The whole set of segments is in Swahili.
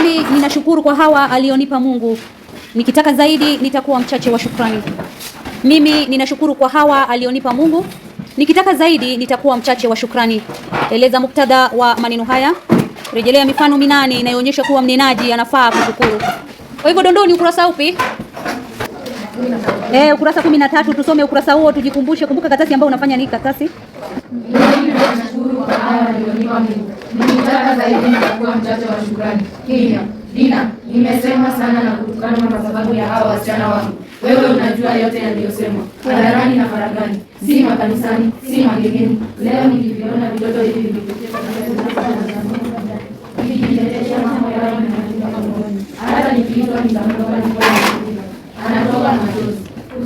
kweli ninashukuru kwa hawa alionipa Mungu. Nikitaka zaidi nitakuwa mchache wa shukrani. Mimi ninashukuru kwa hawa alionipa Mungu. Nikitaka zaidi nitakuwa mchache wa shukrani. Eleza muktadha wa maneno haya. Rejelea mifano minane inayoonyesha kuwa mnenaji anafaa kushukuru. Kwa hivyo dondoni, ukurasa upi? Eh, ukurasa 13. Tusome ukurasa huo tujikumbushe. Kumbuka katasi ambayo unafanya ni katasi mimi nashukuru kwa hayo aliyonipa Mungu. Nilitaka zaidi nitakuwa mchache wa shukrani. Hivyo Dina, nimesema sana na kutukanwa kwa sababu ya hawa wasichana wangu. Wewe unajua yote yaliyosemwa hadharani na faragani, si makanisani, si magengeni. Leo nilivyoona vitoto hivi vikichezea mambo yao hata nikiitwa nitaondoka anatoka machozi.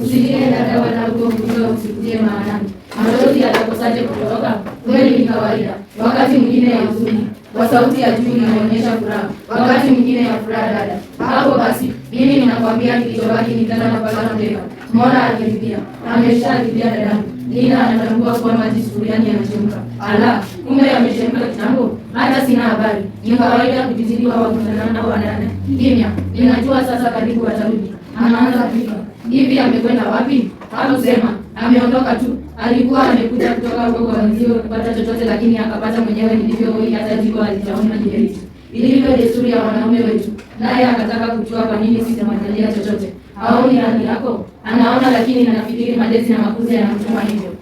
Usilie dada, wala uko kuja usikutie maanani machozi yatakosaje kutoka? Kweli ni kawaida, wakati mwingine ya huzuni, kwa sauti ya juu inaonyesha furaha, wakati mwingine ya furaha. Dada hapo basi, mimi ninakwambia kilichobaki ni dada napata mbeba. Mona aliridhia, amesharidhia dadangu. Nina anatambua kuwa maji sufuriani yanachemka. Ala, kumbe yamechemka kitambo, hata sina habari. Ni kawaida kujizidi wa kutana nao wanane. Kimya, ninajua sasa karibu watarudi. Anaanza kufika. Hivi amekwenda wapi? Hakusema, ameondoka tu alikuwa amekuja kutoka huko kwa wenzio kupata chochote, lakini akapata mwenyewe nilivyo hoi, hata jiko alijaona jieliti ilivyo desturi ya wanaume wetu. Naye akataka kujua kwa nini sitamwandalia chochote. Haoni rangi yako, anaona lakini anafikiri malezi na makuzi yanamtuma hivyo.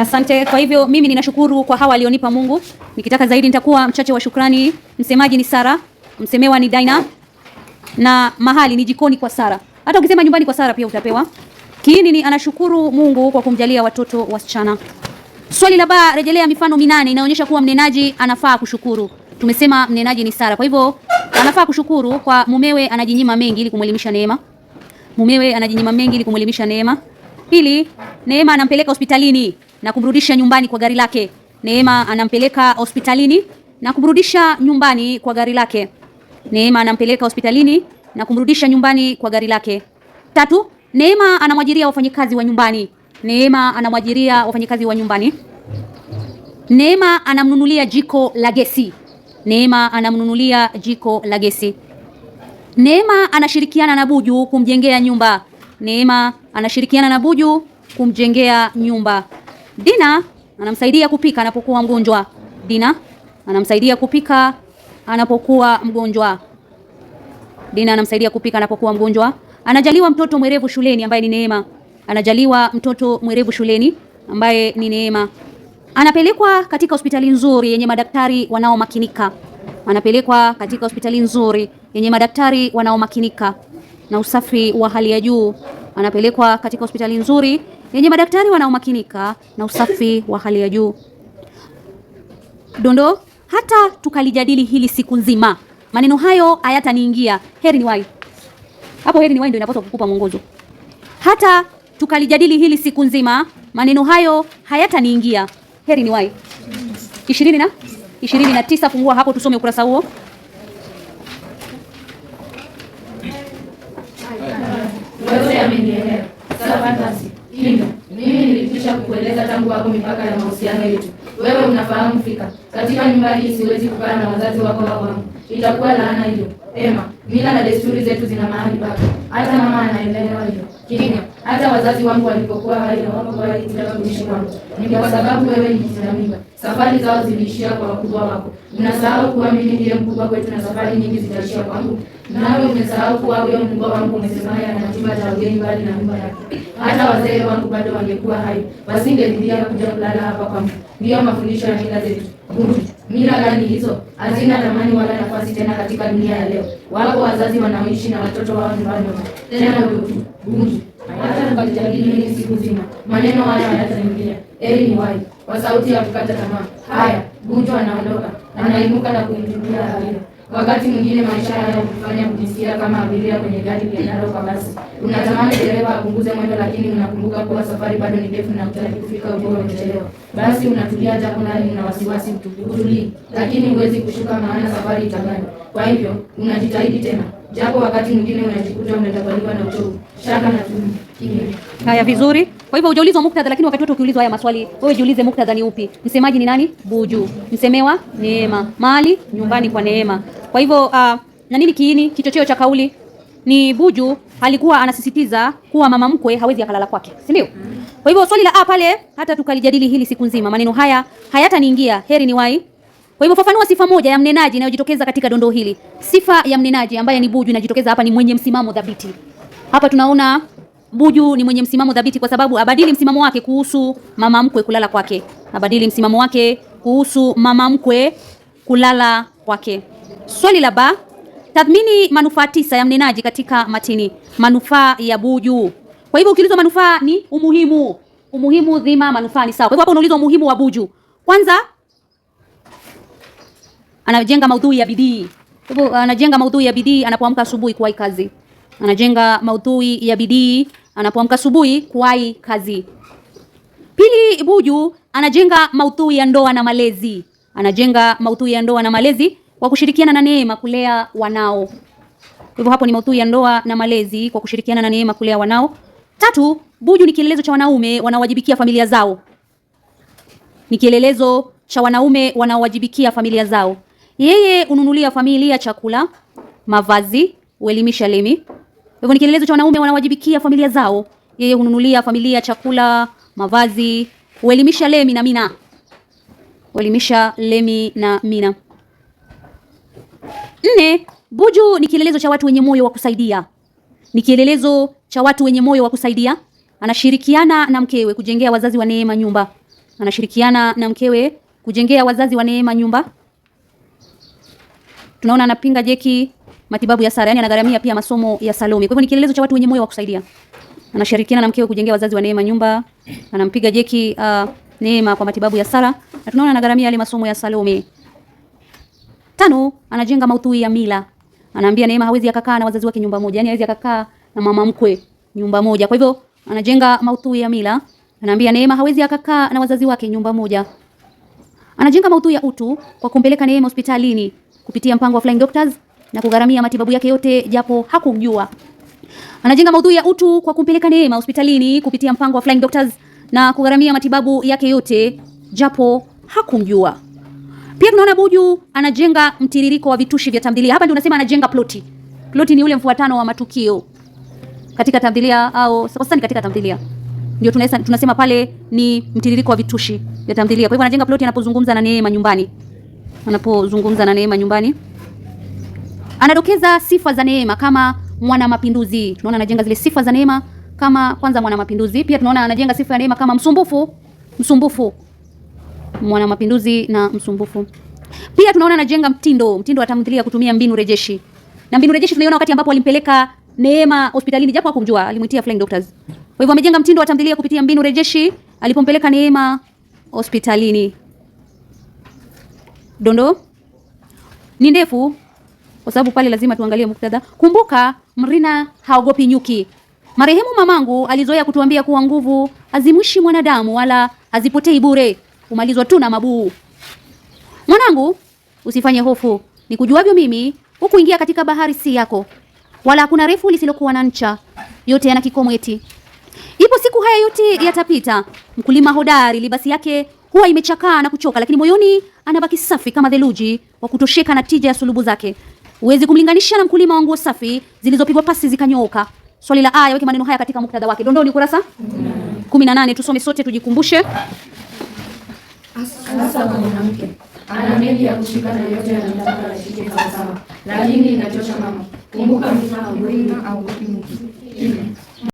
Asante. Kwa hivyo mimi ninashukuru kwa hawa alionipa Mungu. Nikitaka zaidi nitakuwa mchache wa shukrani. Msemaji ni Sara, msemewa ni Daina, na mahali ni jikoni kwa Sara. Hata ukisema nyumbani kwa Sara pia utapewa. Kiini ni anashukuru Mungu kwa kumjalia watoto wasichana. Swali la ba rejelea mifano minane inaonyesha kuwa mnenaji anafaa kushukuru. Tumesema mnenaji ni Sara, kwa hivyo anafaa kushukuru kwa mumewe anajinyima mengi ili kumwelimisha Neema. Mumewe anajinyima mengi ili kumwelimisha Neema. Pili, Neema anampeleka hospitalini na kumrudisha nyumbani kwa gari lake. Neema anampeleka hospitalini na kumrudisha nyumbani kwa gari lake. Neema anampeleka hospitalini na kumrudisha nyumbani kwa gari lake. Tatu, Neema anamwajiria wafanyikazi wa nyumbani. Neema anamwajiria wafanyikazi wa nyumbani. Neema anamnunulia jiko la gesi. Neema anamnunulia jiko la gesi. Neema anashirikiana na Buju kumjengea nyumba. Neema anashirikiana na Buju kumjengea nyumba. Dina anamsaidia kupika anapokuwa mgonjwa. Dina anamsaidia kupika anapokuwa mgonjwa. Dina anamsaidia kupika anapokuwa mgonjwa. Anajaliwa mtoto mwerevu shuleni ambaye ni Neema. Anajaliwa mtoto mwerevu shuleni ambaye ni Neema. Anapelekwa katika hospitali nzuri yenye madaktari wanaomakinika. Anapelekwa katika hospitali nzuri yenye madaktari wanaomakinika na usafi wa hali ya juu. Anapelekwa katika hospitali nzuri yenye madaktari wanaomakinika na usafi wa hali ya juu. dondo hata tukalijadili hili siku nzima maneno hayo hayataniingia. Heri ni wai hapo, heri ni wai ndio inapaswa kukupa mwongozo. Hata tukalijadili hili siku nzima, maneno hayo hayataniingia. Heri ni wai ishirini na ishirini na tisa. Fungua hapo tusome ukurasa huo. Mimi nilikwisha kukueleza tangu wako mipaka ya mahusiano yetu. Wewe unafahamu fika, katika nyumba hii siwezi kukaa na wazazi wako wangu itakuwa laana hiyo. Ema, mila na desturi zetu zina mahali pake. Hata mama anaelewa hiyo Kilinya. Hata wazazi wangu walipokuwa hai na wako kutaka kuishi kwangu, ni kwa sababu wewe ni Mwislamu. Safari zao ziliishia kwa wakubwa wako. Unasahau kuwa mimi ndiye mkubwa kwetu na safari nyingi zitaishia kwangu, nawe umesahau kuwa huyo mkubwa wangu. Umesema yeye ana chumba cha ugeni mbali na nyumba yake. Hata wazee wangu bado wangekuwa hai, wasingelilia kuja kulala hapa kwangu. Ndiyo mafundisho ya mila zetu. Mila gani hizo? Hazina thamani wala nafasi tena katika dunia ya leo. Wapo wazazi wanaoishi na watoto wao nyumbani tena bungi, hata tukajadili nini siku zima, maneno haya hayataingia. Eli ni wai kwa sauti ya kukata tamaa. Haya, bunju anaondoka, anainuka na kuingilia Habili. Wakati mwingine maisha haya hutufanya kujisikia kama abiria kwenye gari liendalo kwa basi. Unatamani dereva apunguze mwendo, lakini unakumbuka kuwa safari bado ni ndefu na utaki kufika ukiwa umechelewa. Basi unatulia japo ndani una wasiwasi, utulii, lakini huwezi kushuka, maana safari itagani. Kwa hivyo unajitahidi tena japo wakati mwingine unajikuta unatabaliwa na uchovu, shaka na tumaini. Haya, vizuri. Kwa hivyo hujaulizwa muktadha, lakini wakati wote ukiulizwa haya maswali, wewe jiulize muktadha ni upi? Msemaji ni nani? Buju. Msemewa? Neema. Mali? Nyumbani kwa Neema. Kwa hivyo uh, na nini kiini kichocheo cha kauli ni Buju alikuwa anasisitiza kuwa mama mkwe hawezi akalala kwake, si ndio? Mm-hmm. Kwa hivyo swali la a pale, hata tukalijadili hili siku nzima, maneno haya hayataniingia, heri ni wai kwa hivyo fafanua sifa moja ya mnenaji inayojitokeza katika dondoo hili. Sifa ya mnenaji ambaye ni Buju inajitokeza hapa ni mwenye msimamo dhabiti. Hapa tunaona Buju ni mwenye msimamo dhabiti kwa sababu abadili msimamo wake kuhusu mama mkwe kulala kwake. Abadili msimamo wake kuhusu mama mkwe kulala kwake. Swali la ba, tathmini manufaa tisa ya mnenaji katika matini. Manufaa ya Buju. Kwa hivyo ukiulizwa manufaa ni umuhimu. Umuhimu, dhima, manufaa ni sawa. Kwa hivyo hapa unaulizwa umuhimu wa Buju. Kwanza anajenga maudhui ya bidii. Hivyo uh, anajenga maudhui ya bidii anapoamka asubuhi kuwahi kazi, anajenga maudhui ya bidii anapoamka asubuhi kuwahi kazi. Pili, Buju anajenga maudhui ya ndoa na malezi, anajenga maudhui ya ndoa na malezi kwa kushirikiana na Neema kulea wanao. Hivyo hapo ni maudhui ya ndoa na malezi kwa kushirikiana na Neema kulea wanao. Tatu, Buju ni kielelezo cha wanaume wanaowajibikia familia zao, ni kielelezo cha wanaume wanaowajibikia familia zao. Yeye ununulia familia chakula, mavazi, uelimisha Lemi. Hivyo ni kielelezo cha wanaume wanawajibikia familia zao. Yeye ununulia familia chakula, mavazi, uelimisha lemi na mina. Uelimisha lemi na mina. Nne, Buju ni kielelezo cha watu wenye moyo wa kusaidia. Ni kielelezo cha watu wenye moyo wa kusaidia. Anashirikiana na mkewe kujengea wazazi wa neema nyumba. Anashirikiana na mkewe kujengea wazazi wa neema nyumba. Tunaona anapinga jeki matibabu ya Sara, yani anagharamia pia masomo ya Salome. Kwa hivyo ni kielelezo cha watu wenye moyo wa kusaidia. Anashirikiana na mkewe kujengea wazazi wa Neema nyumba, anampiga jeki uh, Neema kwa matibabu ya Sara na tunaona anagharamia yale masomo ya Salome. Tano, anajenga maudhui ya mila. Anaambia Neema hawezi akakaa na wazazi wake nyumba moja, yani hawezi akakaa na mama mkwe nyumba moja. Kwa hivyo anajenga maudhui ya mila. Anaambia Neema hawezi akakaa na wazazi wake nyumba moja. Anajenga maudhui ya utu kwa kumpeleka Neema hospitalini kupitia mpango wa Flying Doctors na kugharamia matibabu yake yote japo hakumjua. Anajenga maudhui ya utu kwa kumpeleka Neema hospitalini kupitia mpango wa Flying Doctors na kugharamia matibabu yake yote japo hakumjua. Pia tunaona Buju anajenga mtiririko wa vitushi vya tamthilia. Hapa ndio unasema anajenga ploti. Ploti ni ule mfuatano wa matukio katika tamthilia au sasa ni katika tamthilia. Ndio tunasema, tunasema pale ni mtiririko wa vitushi vya tamthilia. Kwa hivyo anajenga ploti anapozungumza na Neema nyumbani anapozungumza na Neema nyumbani, anadokeza sifa za Neema kama mwana mapinduzi. Tunaona anajenga zile sifa za Neema kama kwanza mwana mapinduzi, pia tunaona anajenga sifa ya Neema kama msumbufu, msumbufu, mwana mapinduzi na msumbufu. Pia tunaona anajenga mtindo, mtindo wa tamthilia kutumia mbinu rejeshi, na mbinu rejeshi tunaiona wakati ambapo alimpeleka Neema hospitalini japo hakumjua, alimuitia Flying Doctors. Kwa hivyo amejenga mtindo wa tamthilia kupitia mbinu rejeshi alipompeleka Neema hospitalini dondoo ni ndefu, kwa sababu pale lazima tuangalie muktadha. Kumbuka, Mrina haogopi nyuki. Marehemu mamangu alizoea kutuambia kuwa nguvu hazimwishi mwanadamu wala hazipotei bure, umalizwa tu na mabuu. Mwanangu, usifanye hofu, ni kujuavyo mimi, ingia katika bahari si yako, wala hakuna refu lisilokuwa na ncha, yote yana kikomo eti. Ipo siku haya yote yatapita. Mkulima hodari libasi yake huwa imechakaa na kuchoka, lakini moyoni anabaki safi kama theluji, wa kutosheka na tija ya sulubu zake. Huwezi kumlinganisha na mkulima wa nguo safi zilizopigwa pasi zikanyooka. Swali la aya, weke maneno haya katika muktadha wake. Dondoo ni kurasa kumi Tusome sote tujikumbushe. Asasa kwa mwanamke ana mengi ya kushika na yote yanamtaka ashike sawasawa, lakini inachosha mama. Kumbuka mtaa mfano mwema au